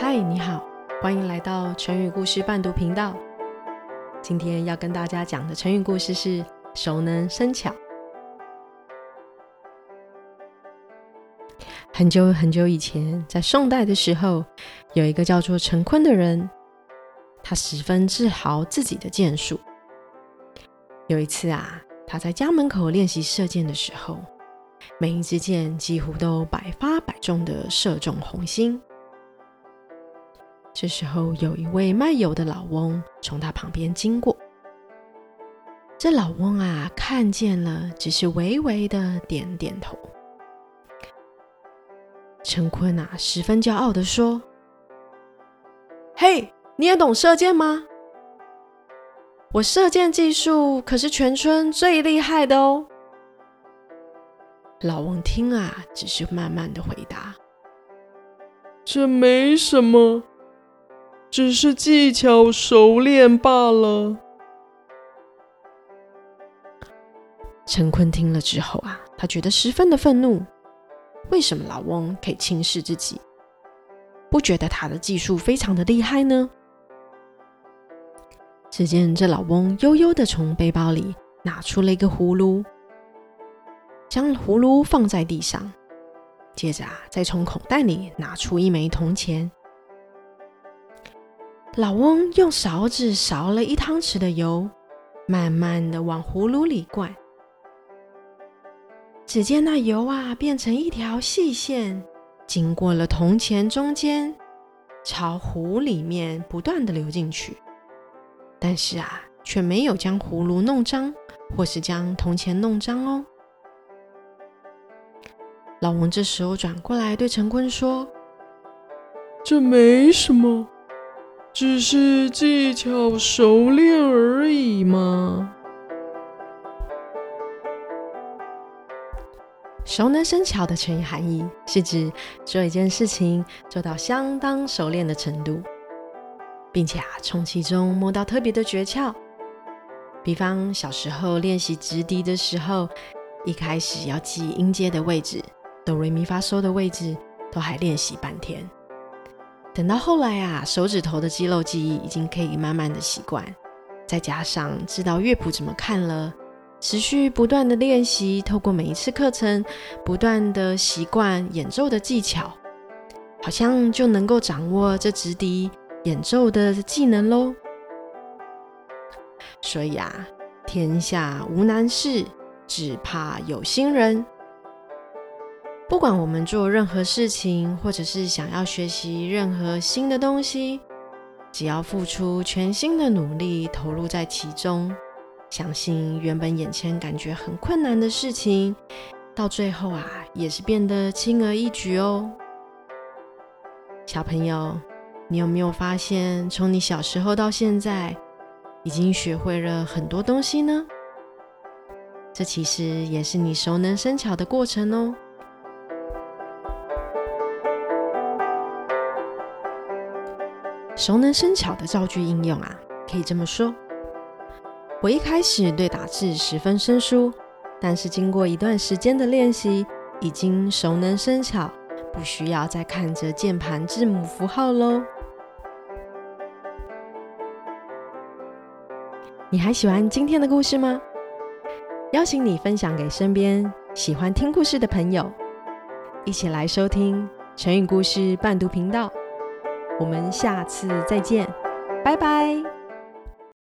嗨，Hi, 你好，歡迎來到成語故事伴讀頻道。今天要跟大家講的成語故事是“熟能生巧”。很久很久以前，在宋代的時候，有一個叫做陳坤的人，他十分自豪自己的箭術。有一次啊，他在家門口練習射箭的時候，每一支箭幾乎都百發百中的射中紅心。這時候，有一位賣油的老翁從他旁邊經過。這老翁啊，看見了，只是微微的點點頭。陳坤啊，十分驕傲的說：“嘿，你也懂射箭嗎？我射箭技術可是全村最厲害的哦。”老翁聽啊，只是慢慢的回答：“這沒什麼。”只是技巧熟練罷了。陳坤聽了之後啊，他覺得十分的憤怒。為什麼老翁可以輕視自己？不覺得他的技術非常的厲害呢？只見這老翁悠悠的從背包裡拿出了一個葫蘆，將葫蘆放在地上，接着啊，再從口袋裡拿出一枚銅錢。老翁用勺子勺了一湯匙的油，慢慢的往葫蘆裡灌。只見那油啊，變成一條細線，經過了銅錢中間，朝葫蘆裡面不斷的流進去。但是啊，卻沒有將葫蘆弄髒，或是將銅錢弄髒哦。老翁這時候轉過來對陳坤說：“這沒什麼。”只是技巧熟練而已嘛。熟能生巧的成語含義是指做一件事情做到相當熟練的程度，並且啊，從其中摸到特別的訣竅。比方小時候練習直笛的時候，一開始要記音階的位置、哆瑞咪發嗦的位置，都還練習半天。等到後來啊，手指頭的肌肉記憶已經可以慢慢的習慣，再加上知道樂譜怎麼看了，持續不斷的練習，透過每一次課程，不斷的習慣演奏的技巧，好像就能夠掌握這直笛演奏的技能嘍。所以啊，天下無難事，只怕有心人。不管我們做任何事情，或者是想要學習任何新的東西，只要付出全新的努力，投入在其中，相信原本眼前感覺很困難的事情，到最後啊，也是變得輕而易舉哦。小朋友，你有沒有發現，從你小時候到現在，已經學會了很多東西呢？這其實也是你熟能生巧的過程哦。熟能生巧的造句應用啊，可以這麼說：我一開始對打字十分生疏，但是經過一段時間的練習，已經熟能生巧，不需要再看着鍵盤字母符號嘍。你還喜歡今天的故事嗎？邀請你分享給身邊喜歡聽故事的朋友，一起來收聽成語故事伴讀頻道。我們下次再見，拜拜。